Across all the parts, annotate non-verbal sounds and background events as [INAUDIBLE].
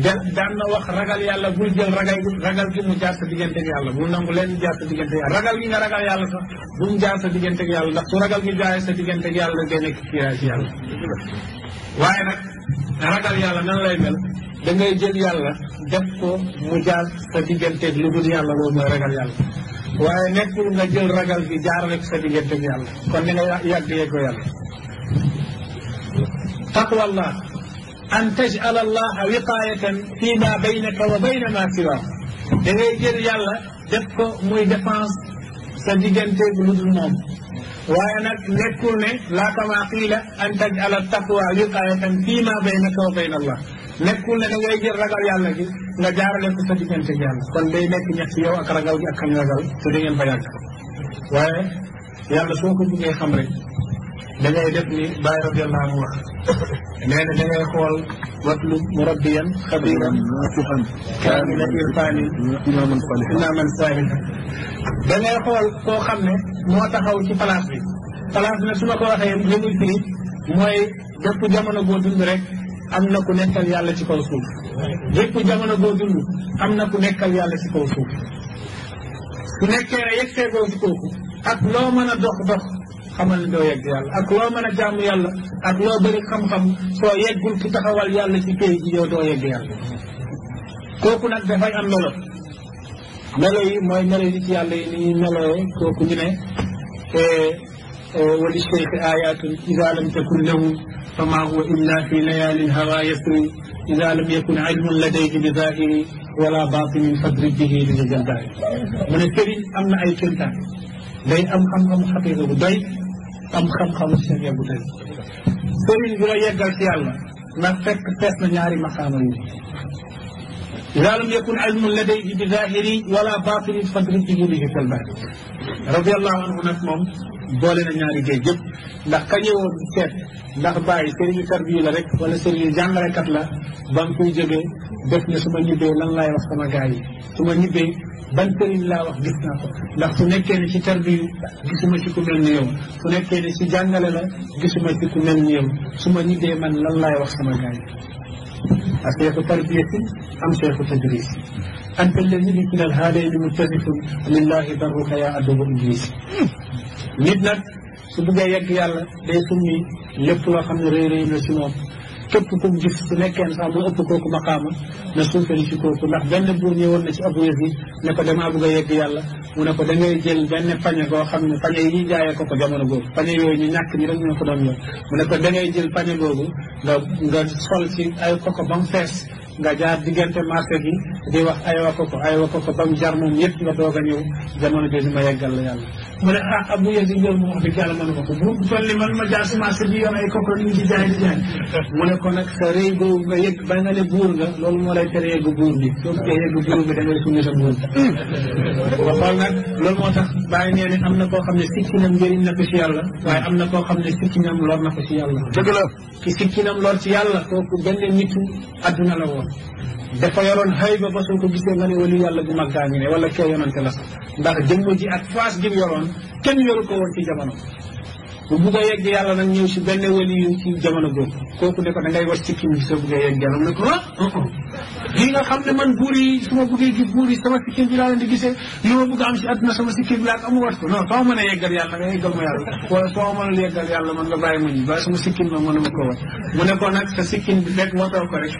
da daan na wax ragal yàlla bul jël ragal ragal gi mu jaar sa diggante ak yàlla bul nangu leen jaar sa diggante ak yàlla ragal gi nga ragal yàlla sax bu mu jaar sa diggante yàlla ndax su ragal gi jaaree sa diggante nan lay mel da ngay jël yàlla def ko mu jaar sa diggante ak lu dul yàlla loolu mooy ragal yàlla waaye nekkul nga jël ragal gi jaarale ko sa diggante yàlla kon ni nga yàgg yee ko yàlla taqwallah أن تجعل الله وقاية فيما بينك وبين ما سواه da ngay jël yàlla def ko muy défense sa digganteeg lu dul moom waaye nag nekkul ne laa kama qiila an tajala taqwa wiqayatan fii ma baynaka wa bayna allah nekkul ne da ngay jël ragal yàlla gi nga jaarale ko sa digganteeg yàlla kon day nekk ñax ci yow ak ragal gi ak kañ ragal te da ngeen fa yàgg waaye yàlla soo ko buggee xam rek da ngay def ni Baay radiyallahu anhu wax nee na da ngay xool watlu murabbiyan xabiran kaamila irfaani imaaman saalihan da ngay xool koo xam ne moo taxaw ci place bi place bi nag su ma ko mooy dëpp jamono boo rek am na ku nekkal yàlla ci kaw suuf dëpp jamono boo am na ku nekkal yàlla ci kaw suuf su nekkee ne yegg ak loo dox dox xamal ni doo yegg yàlla ak loo mën a jàmm yàlla ak loo bëri xam-xam soo yeggul ki taxawal yàlla ci këy ji yow doo yegg yàlla kooku nag dafay am melo melo yi mooy melo yi ci yàlla yi ni ñuy meloo kooku ñu ne eh, eh, wali cheikh ayatun ida lam takun lahu fa ma huwa illa fi layalin hawa yasri ida lam yakun ilmun ladayhi bi zahiri wala batinin fadrib bihi li mu ne sëriñ am na ay kéntaan day am xam-xam xaqiqa bu doy am xam-xamu seen yeggu tey sëriñ bi la yeggal ci yàlla ndax fekk fees na ñaari maqaama yi ida lam yakun ilmu ladayhi bi zahiri wala batini fadri ci jurihi fil bahri radiallahu anhu nag moom boole na ñaari géej yëpp ndax kañëwoon seet ndax bàyyi sëriñu tarbiya la rek wala sëriñu jàngalekat la ba mu koy jógee def ne su ma ñibbee lan laay wax sama gars yi su ma ñibbee ban sëriñ laa wax gis naa ko ndax su nekkee ne ci tarbiyu gisuma ci ku mel ni yow su nekkee ne ci jàngale la gisuma ci ku mel ni yow su ma ñibbee man lan laay wax sama gars yi ak seexu tarbiyati am seexu tadris anta alladi bi kilal haadayni muttafiqun lillahi darruka yaa adubu iblis nit nag su buggee yegg yàlla day summi lépp loo xam ne rëy rëy ci moom képp ku mu gis su nekkee ne sax moo ëpp kooku maqaama na suufali ci kooku ndax benn buur ñëwoon na ci Abu Yazid ne ko damaa a yegg yàlla mu ne ko da ngay jël benn pañe boo xam ne pañe yi ñuy jaayee ko ko jamono boobu pañe yooyu ñu ñàkk ñi rek ñoo ko doon yor mu ne ko da ngay jël pañe boobu nga nga sol ci ay koko ba mu fees nga jaar diggante marché bi di wax a ko ko a ko ko ba mu jar moom yëpp nga doog a ñëw jamono jooju ma yeggal la yàlla mu ne ah abu yesi njoor moom wax dëgg yàlla mën ko ko bu toll ni man ma jaar si marché bi yor ay koko ñu di jaay di jaay mu ne ko nag sa réy googu nga yëg ba nga ne buur nga loolu moo lay tere yegg buur bi soo bëggee yegg buur bi da suñu sa buur ba xool nag loolu moo tax bàyyi nee ne am na koo xam ne sikkinam njëriñ na ko si yàlla waaye am na koo xam ne sikkinam lor na ko si yàlla woon dafa yoroon xayba ba soo ko gisee nga ne wali yàlla bu mag daa ngi ne wala kee la sax ndax jëmm ji ak faas gi mu yoroon kenn yoru ko woon ci jamono bu bugg a yegg yàlla nag ñëw si benn wali yu ci jamono boobu kooku ne ko da ngay war ci kii soo buggee yegg yàlla nag ah, ah, ah. ne man buur yi su ma yi sama bi laa di gisee li ma a am si àdduna sama sikkim bi laa ko amu a yeggal ma yàlla wala ba sama sikkim nag mënuma ko wat mu sa sikkim bi rek watoo ko rek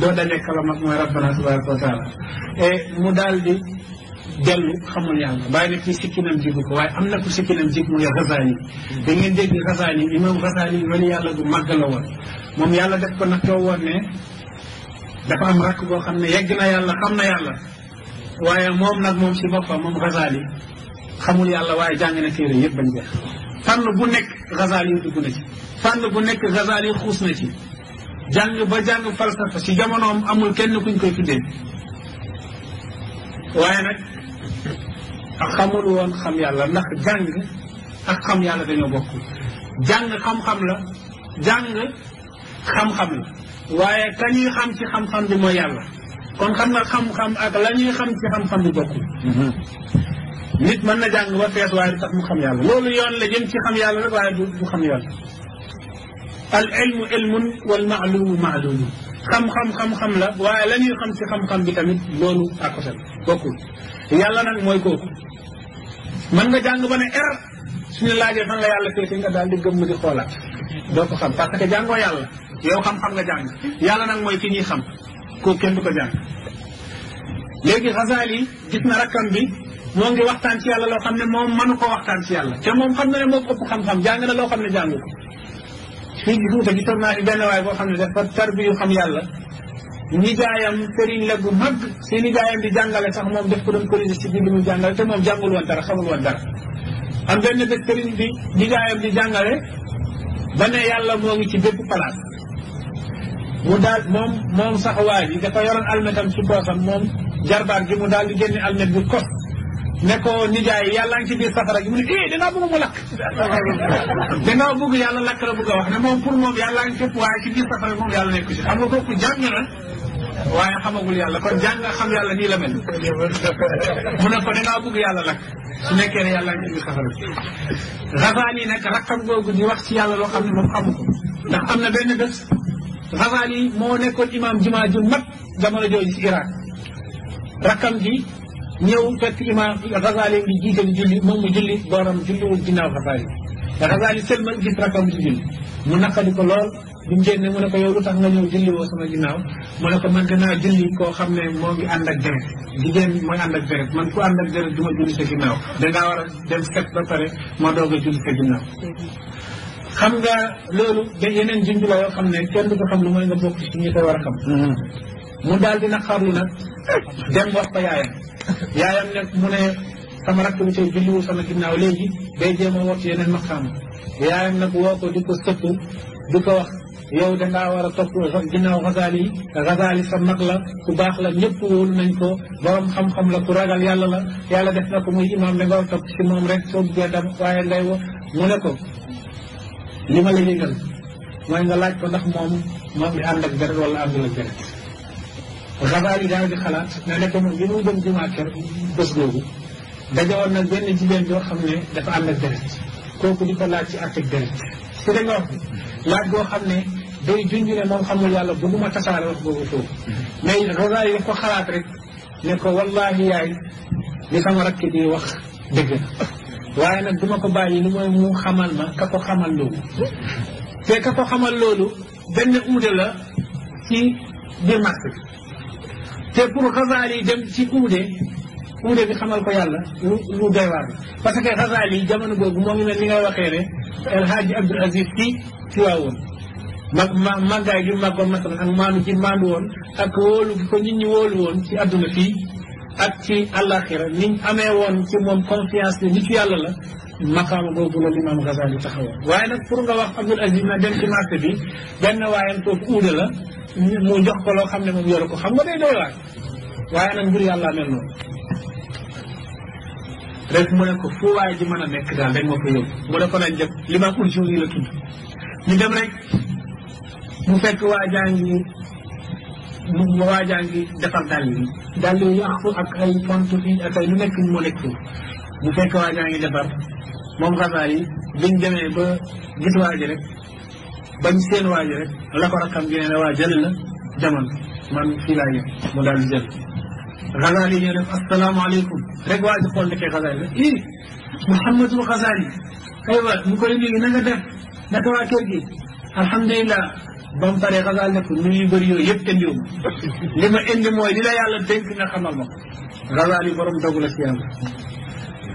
doo da nekk la mag mooy rabbana tabaraka wa taala e mu daal di dellu xamul yàlla bàyyi na ci sikkinam jig ko waaye am na ku sikkinam jig muy Ghazali da ngeen dégg Ghazali imam Ghazali yàlla gu màgg la woon moom yàlla def ko nattoo woon ne dafa am rakk boo xam ne na yàlla xam na yàlla waaye moom nag moom si boppam moom Ghazali xamul yàlla waaye jàng na téere yëpp bañ jeex fànn bu nekk Ghazali dugg na ci fànn bu nekk Ghazali xuus na ci jàng ba jàng falsafa ci jamonoom amul kenn kuñ koy tuddee waaye nag xamul woon xam yàlla ndax jàng ak xam yàlla dañoo bokk jàng xam-xam la jàng xam-xam la waaye ka ñuy xam si xam-xam bi mooy yàlla kon xam nga xam-xam ak la ñuy xam ci xam-xam bi bokkul mhm. nit mën na jàng ba fees waaye du tax mu xam yàlla loolu yoon la jëm ci xam yàlla rek waaye du xam yoon al ilmu ilmun wal maalumu maalumu xam-xam xam-xam la waaye la ñuy xam si xam-xam bi tamit loolu àkkotal bokkul yàlla nag mooy kooku man nga jàng ba ne er suñu laajee fan la yàlla féete nga daal di gëm di xoolaat doo ko xam parce que jàngoo yàlla yow xam-xam nga jàng yàlla nag mooy ki ñuy xam kooku kenn du ko jàng léegi Xasaali gis na rakkam bi moo ngi waxtaan ci yàlla loo xam ne moom mënu koo waxtaan ci yàlla te moom xam na ne moo ëpp xam-xam jàng loo xam ne jàngu ko fii ci Fuuta gisoon naa fi benn waay boo xam ne dafa tarbiyu xam yàlla nijaayam sëriñ la gu mag si nijaayam di jàngale sax moom def ko doon corrigé si biir li muy jàngale te moom jàngul woon dara xamul woon dara am benn bés sëriñ bi nijaayam di jàngale ba ne yàlla moo ngi ci bépp place mu daal moom moom sax waa ji dafa yoroon almetam ci poosam moom jarbaar gi mu daal di génne almet bi ko ne ko nijaay yàlla ngi ci biir safara gi mu ne eh dangaa mu lakk. dangaa bëgg yàlla lakk la bëgg a wax ne moom pour moom yàlla ngi fépp waaye ci biir safara gi moom yàlla nekku ci xam nga kooku jàng na waaye xamagul yàlla kon jàng nga xam yàlla mu ne ko dangaa bëgg yàlla lakk su nekkee ne yàlla ngi ci biir safara gi. Ghazali nag rakkam googu di wax ci yàlla loo xam ne moom xamu ko ndax am na benn bés Ghazali moo nekkoon imaam jumaa ju mag jamono jooju ci Irak rakkam ji. ñëw fekk imaam Xasaali ngi jiite di julli moom mu julli booram julliwul ginnaaw Xasaali te Xasaali seulement gis rakam di julli mu naqadi ko lool bi mu génne mu ne ko yow lu tax nga woo sama ginnaaw mu ne ko man danaa koo xam ne moo ngi ànd ak deret jigéen mooy ànd ak man ku ànd ak deret du ma julli sa ginnaaw dangaa war a dem set ba pare ma doog a julli sa ginnaaw xam nga loolu da yeneen junj la yoo xam ne kenn du xam lu mooy nga bokk ci ñi ko war a xam mm-hmm. mu daal di naqarlu nag dem wax ko yaayam yaayam ne mu ne sama rakk bi tey julliwul sama ginnaaw léegi day jéem a woote yeneen maqaama yaayam nag woo ko di ko sëpp di ko wax yow dangaa war a topp ginnaaw Ghazali yi Ghazali sa mag la ku baax la ñëpp wóolu nañ ko borom xam-xam la ku ragal yàlla la yàlla def na ko muy imaam da nga war a topp ci moom rek soo buggee dem waaye nday wo mu ne ko li ma la yëgal mooy nga laaj ko ndax moom moom bi ànd ak deret wala àndul ak deret Gabaal yi daal di xalaat ne nekk moom yi muy dem jumaa kër bés boobu dajawoon nag benn jigéen yoo xam ne dafa ànd ak deret kooku di ko laaj ci àtt ak deret. su dee nga wax laaj boo xam ne day junj ne moom xamul yàlla bëgguma tasaare wax boobu foofu mais Gabaal yi daf ko xalaat rek ne ko wallaahi yaay li sama rakk bi wax dëgg na waaye nag duma ko bàyyi lu mooy mu xamal ma ka ko xamal loolu. te ka ko xamal loolu benn uude la ci biir marché bi. te pour Xasaali dem ci uude uude bi xamal ko yàlla lu lu parce que Xasaali jamono googu moo ngi mel ni nga waxee ne El Hadj Abdoul Aziz ci ci waawoon mag ma màggaay gi màggoon masalan ak maanu ci maandu woon ak wóolu gi ko nit wóolu woon ci àdduna fii ak ci àllaaxira niñ amee woon ci moom confiance ne nitu yàlla la maqaama googu la limaam Ghazali taxawal waaye nag pour nga wax Abdul Aziz na dem ci marché bi benn waayam toog uude la mu jox ko loo xam ne moom yoru ko xam nga day doy waay waaye nag mbir yàlla mel noonu rek mu ne ko fu waay ji a nekk daal rek moo ko yóbbu mu nañ def limaam ñu dem rek mu fekk waajaa ngi mu waajaa ngi defar dàll yi dàll yi yàqu ak ay pontu fii ak ay lu nekk mu nekk mu fekk waajaa ngi defar moom xasaar yi biñ demee ba gis waa ji rek bañ seen waa ji rek la ko rakkam gi ne waa jël la demal man fii laa yem mu daal di jël xasaar yi ñoo def asalaamaaleykum rek waa ji xool ndekee xasaar yi la i Mouhamadou xasaar yi aywa ñu koy léegi na nga def naka waa kër gi alhamdulilah ba mu paree xasaar ne ko nuyu yu bëri yooyu yëpp indiwu ma [LAUGHS] li ma indi mooy li la yàlla dénk nga xamal ma xasaar yi borom dogu la ci yàlla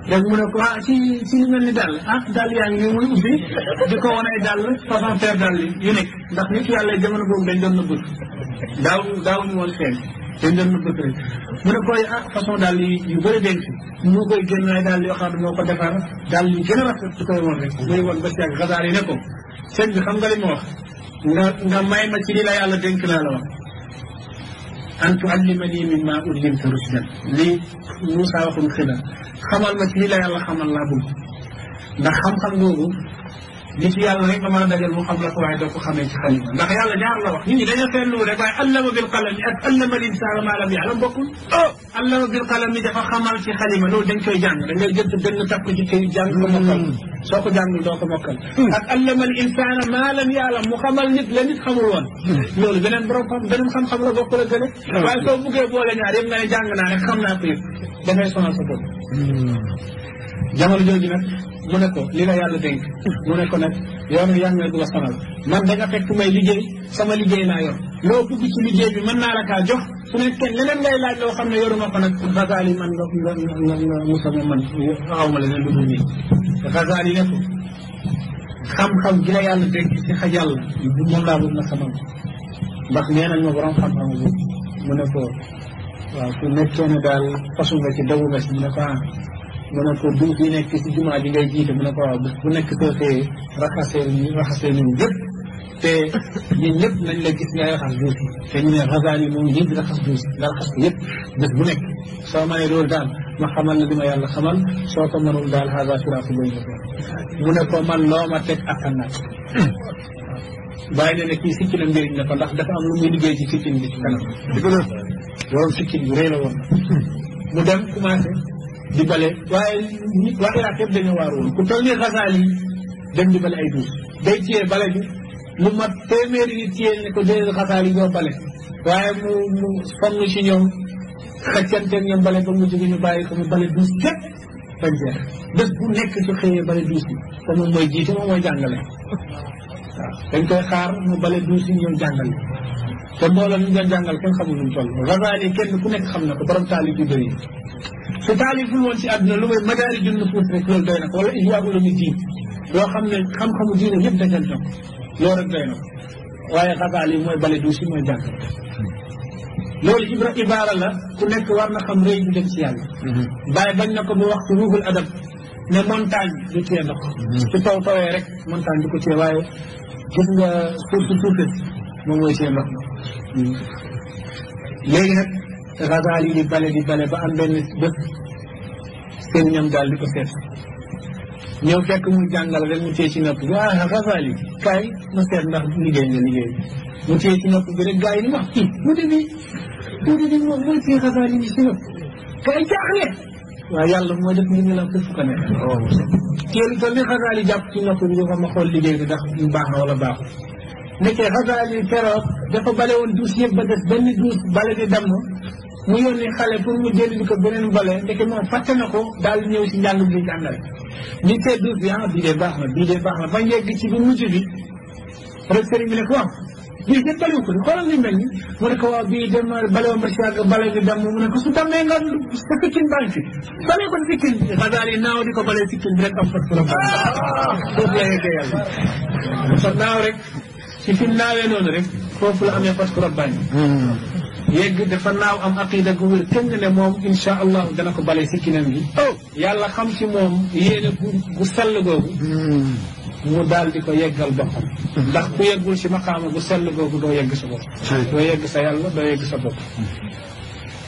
léegi mu ne ko ah ci ci lu mel ni dàll ah dàll yaa ngi nii muy ubbi di ko wan ay dàll façon paire dàll yu nekk ndax nit yàlla jamono boobu dañ doon nëbbut daaw daawuñu woon feeñ dañ doon nëbbut rek mu ne koy eh, ah façon dàll yi yu bëri denc moo koy génn ay dàll yoo xam ko defar dàll yu gën a rafet di koy woon rek yi ne ko sëñ bi xam nga li ma wax nga nga may ma ci li la yàlla dénk naa la wax أن تعلمني مما علمت رشدا لي موسى وخم خلال خمال ما تهلا يلا خمال لابو دا خم خم li ci yàlla rek dama dajal mu xam la ko waaye doo ko xamee ci xalima ndax yàlla ñaar la wax nit ñi dañoo seetlu rek waaye allama bil qalami ak allama al insaana maa lam ya'lam bokkul oh allama bil qalami dafa xamal ci xalima loolu dañ koy jàng da ngay jël sa benn takk ci këy jàng ko mokkal soo ko jàngul doo ko mokkal ak allama al insaana maa lam ya'lam mu xamal nit la nit xamul woon loolu beneen borom xam beneen xam-xam la bokkul ak gële waaye soo buggee boole ñaar yëpp nga ne jàng naa rek xam naa ko yëpp dafay sonal sa bopp jamono jooju nag mu ne ko li la yàlla dénk mu ne ko nag yow nag yaa ngi bu man da nga fekk may liggéey sama liggéey laa yor loo naa la kaa jox su nekkee xam ne yoruma ko nag Ghazali man nga nga nga nga Moussa ma leneen lu dul nii la yàlla dénk ci xa yàlla moom laa bëgg na xamal ndax nee nañ ma borom xam-xam bu mu ne ko waaw su nekkee ne daal fasu nga ci dawu nga si mu ne ko ah mu ne ko duñ fi nekk si jumaa ji ngay jiite mu ko waaw bés bu nekk soo xëyee raxasee raxasee nañu yëpp te ñun ñëpp nañ la gis ngay raxas duus yi te ñu ne rasaani di raxas ko yëpp bés bu nekk soo manee loolu daal ma xamal na li ma yàlla xamal soo ko mënul daal hada siraasu loolu mu ne ko man loo ma teg attan naa bàyyi ne ne kii sikki na njëriñ na ko ndax dafa am lu muy liggéey ci sikkin bi ci kanam. dëgg la loolu sikkin bu rëy la woon mu dem commencé. di bale waaye ñi waa Irak yëpp dañoo waar woon ku toll nii xasaal yi dem di bale ay duus day téye bale bi lu mat téeméeri yi téye ne ko déedéet xasaal yi ñoo bale waaye mu mu sonn ci ñoom xëccanteeg ñoom bale ba mu jóge ñu bàyyi ko mu bale duus képp bañ jeex bés bu nekk su xëyee bale duus yi te moom jiite moom mooy jàngale waaw dañ koy xaar mu bale duus yi ñoom jàngale te mbooloo ñu doon jàngal kenn xamul nu toll xasaal yi kenn ku xam na ko borom taalib yu bëri su taaliful woon si àdduna lu may madaari junn fuus rek loolu doy na ko wala ihya ulumi diin loo xam xam-xamu diine yëpp dajal toog loolu rek doy na ko waaye mooy bale du mooy jàkk loolu ibra ibaara la ku nekk war xam rëy du dem si yàlla bàyyi bañ na ko ba wax ci ruuxul ne montagne du tee ndox taw tawee rek du ko tee waaye gis nga suuf moom mooy tee ndox léegi ragal yi di bale di bale ba am benn bët seen ñam daal di ko seet ñëw fekk muy jàngal rek mu téye ci nopp bi ah ragal yi kaay ma seet ndax liggéey nga liggéey mu téye ci nopp bi rek gars yi di kii mu di mu di moom mooy téye ragal ci nopp bi dafa oh, ma xool liggéey bi ndax mu baax na wala baaxul nekkee dafa bale woon duus yëpp ba des benn duus bale di damm mu yónnee xale pour mu jëlil ko beneen bale ndeke moom fàtte na ko daal di ñëw si njàng bi jàngale ñu seetlu bi ah bii de baax na bii de baax na ba yegg ci bu mujj bi rek sëriñ bi ne ko waaw ah, bii de baliwu ko di ne ko waaw bii dem bale woon ba si yàgg bale bi damm mu ne ko su dammee nga sa sikkin baa ngi fi bale ko sikkin bi xasaar yi naaw di ko bale sikkin bi rek am fas la foofu la rek si fi naawee noonu rek foofu la amee rabbaani yegg dafa naaw am aqida gu wér tëng ne moom insha allahu dana ko bale si kinam gi oh. yàlla xam si moom yéene gu gu googu hmm. mu daal di ko yeggal boppam hmm. ndax ku yeggul si maqaama gu sell googu doo yegg sa bopp hmm. doo yegg sa yàlla sa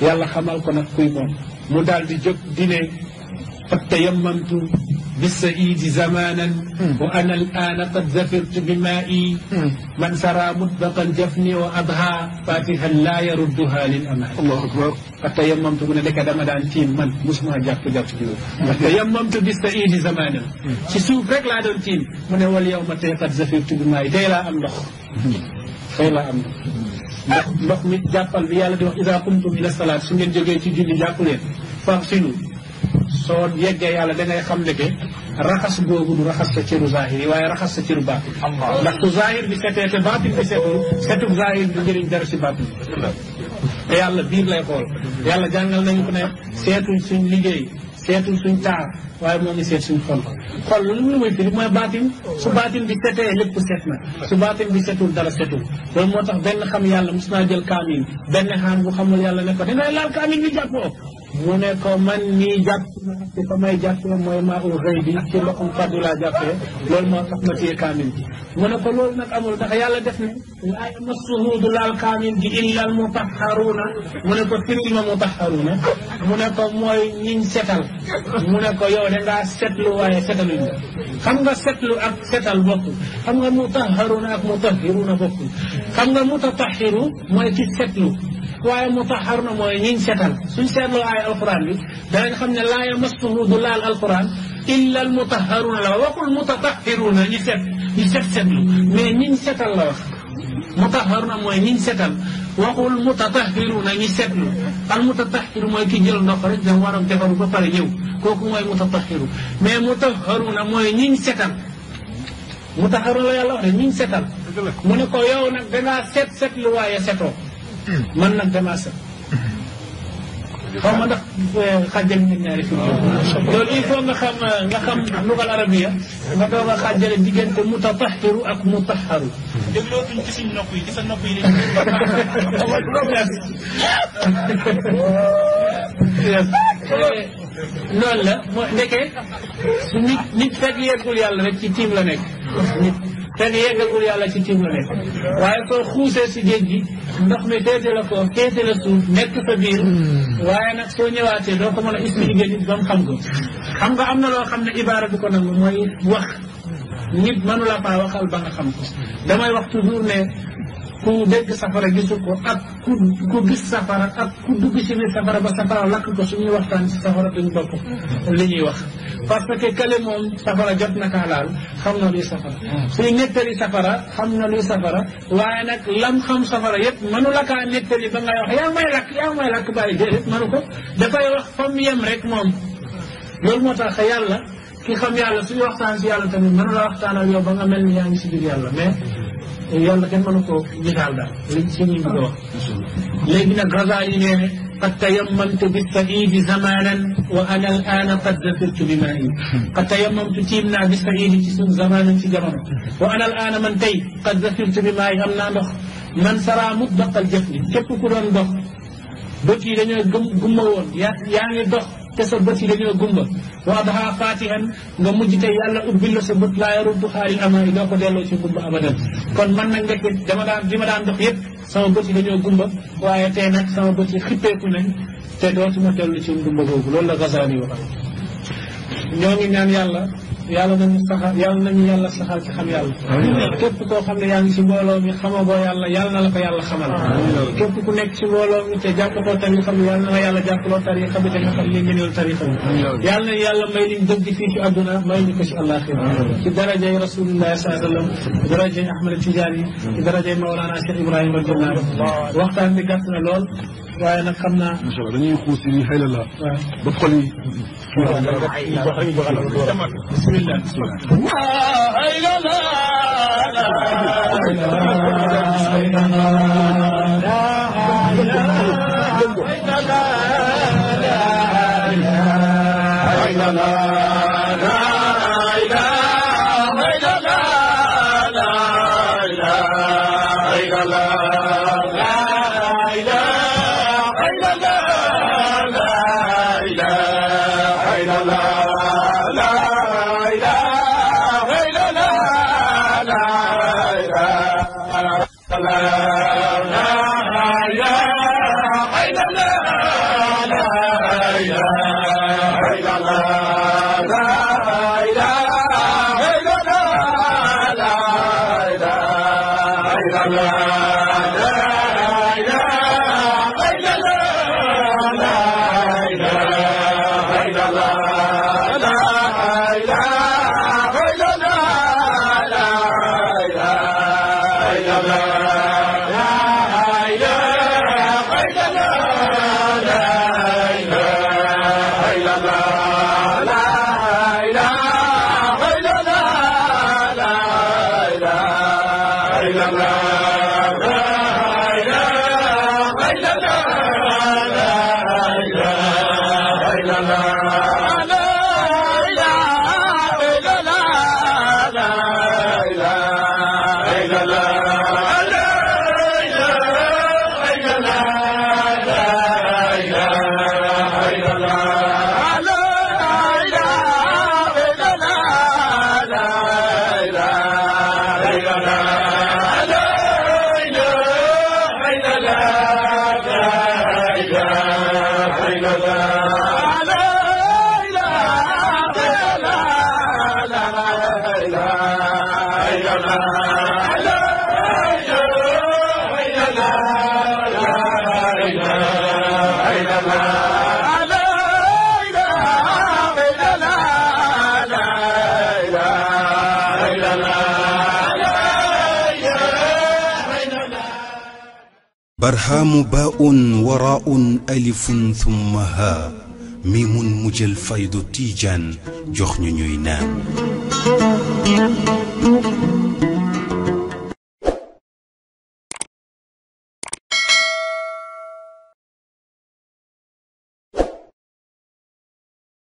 yàlla xamal ko nag kuy moom mu daal di jóg di ne fattayamantu بالسعيد زمانا وأنا الآن قد ذفرت بمائي من سرى مطبقا جفني وأضحى فاتحا لا يردها للأمان الله أكبر قد من لك دم تيم من ما جاك جاك قد تيممت بالسعيد زمانا سيسوف رك لا دانتين من هو اليوم قد ذفرت بمائي تيلا أم لخ تيلا أم نخ ndox mi jàppal bi yàlla di wax ida qumtum ila salaat su ngeen jógee ci julli jàpp leen faxsilu so soo yeggee yàlla dangay xam ne que raxas googu du raxas sa cëru zahir yi raxas sa cëru baatin ndax su zahir bi setee te baatin bi setul setu zahir bi njëriñ dara si baatin biir lay xool yàlla jàngal nañu ko ne seetuñ suñ liggéey seetuñ suñ taar waaye moo seet suñ xol xol lu mu muy firi mooy baatin su baatin bi setee lépp set na su baatin bi setul dara setul loolu moo tax benn xam yàlla mos naa jël kaamil benn xaan bu ne ko mu ne ko man nii jàpp naa ci fa may jàppee mooy maa ul rëy bi ci loxum faddu laa jàppee loolu moo tax ma téye kaamil bi mu ne ko loolu nag amul ndax yàlla def ne laa yamassuhu du laal kaamil bi illa al mutahharuuna mu ne ko firil ma mutahharuuna mu ne ko mooy ñiñ setal mu ne ko yow dangaa setlu waaye setaluñ la xam nga setlu ak setal bokkul xam nga mutahharuuna ak mutahhiruuna bokkul xam nga mutatahiru mooy ki setlu waaye mutahhar na mooy ñiñ setal suñ seetloo ay alquran bi danañ xam ne laa yamassuhu du laal alquran illa al mutahharuna la waxul mutatahhiruna ñi set ñi set setlu mais ñiñ setal la wax mutahharuna mooy ñiñ setal waxul mutatahhiruna ñi setlu al mutatahhiru mooy ki jël ndox rek dem waram defaru ba pare ñëw kooku mooy mutatahhiru mais mutahharuna mooy ñiñ setal mutahharuna la yàlla wax ne ñiñ setal mu ne ko yow nag dangaa set setlu waaye setoo man nag damaa sax xaw ma ndax xàjjal nit ñaari fi loolu il faut nga xam nga xam lugal arabiya nga doog a xàjjale diggante mutataxiru ak mutaxaru tuñ ci suñ nopp yi ci sa nopp yi noonu la moo nekkee nit nit fekk yeggul yàlla rek ci tiim la nekk nit te ni yeggagul yàlla ci tiim la nekk waaye soo xuusee si géej gi ndox mi féete la foofu féete la suuf nekk sa biir hmm. waaye nag soo ñëwaatee doo ko mën a expliquer nit ba mu xam ko xam nga am na loo xam ne ibaara du ko nangu mooy wax nit mënu la faa waxal ba nga xam ko damay wax toujours ne ku dégg safara gisu ko ak ku ku gis safara ak ku dugg ci biir safara ba safara lakk ko suñuy waxtaan ci safara duñ bopp li ñuy wax parce que kële moom safara jot na kaa laal xam na luy safara suy nettali safara xam na luy safara waaye nag lam xam safara yëpp mënu la kaa nettali ba ngay wax yaa ngi may lakk yaa may lakk bàyyi déedéet mënu ko dafay wax fam yem rek moom loolu moo tax yàlla ki xam yàlla suy waxtaan si yàlla tamit mën laa waxtaan ak yow ba nga mel ni yaa ngi si biir yàlla mais yàlla kenn mënu koo misaal daal li si ñu bëgg a wax léegi nag raza yi nee ne قد تيممت بالسعيد زمانا وانا الان قد زفرت بمائي قد تيممت تيمنا بالسعيد جسم زمانا في جمانا وانا الان من تي قد زفرت بمائي امنا نخ من سرى مطبق الجفن كيف كنت نخ بكي لن يقم قمون يعني ضخ te sa bët yi dañoo gumba wa adha fatihan nga mujj te yàlla ubbil la sa bët laa yaru buxaaril amaari doo ko delloo ci gumba abadan kon man nag ndekk dama daan li ma daan dox yëpp sama bët yi dañoo gumba waaye tey nag sama bët yi xippeeku nañ te dootuma dellu ci gumba boobu loolu la Gazaali wax ñoo ngi ñaan yàlla yàlla nañu saxal yàlla nañu yàlla saxal ci xam yàlla képp koo xam ne yaa ngi si mbooloo mi xamagoo yàlla yàlla na la ko yàlla xamal képp ku nekk ci mbooloo mi te jàppatoo tarixa bi yàlla na la yàlla jàppaloo tarixa bi te nga xam ne ngëneel tarixa bi yàlla nañu yàlla may liñ dëgg fii ci àdduna may ñu ko si àllaaxira ci darajay rasulullah saa sallam ci darajay ahmad tijaani ci darajay mawlaana cheikh ibrahima al jannaar waxtaan bi gàtt na lool waaye nag xam naa. incha allah dañuy xuus yi xëy na la. ba xol yi. waaw waaw waaw bisimilah. la la la Allah. حام باء وراء ألف ثم ها ميم مجل فيض تيجان جخن نينام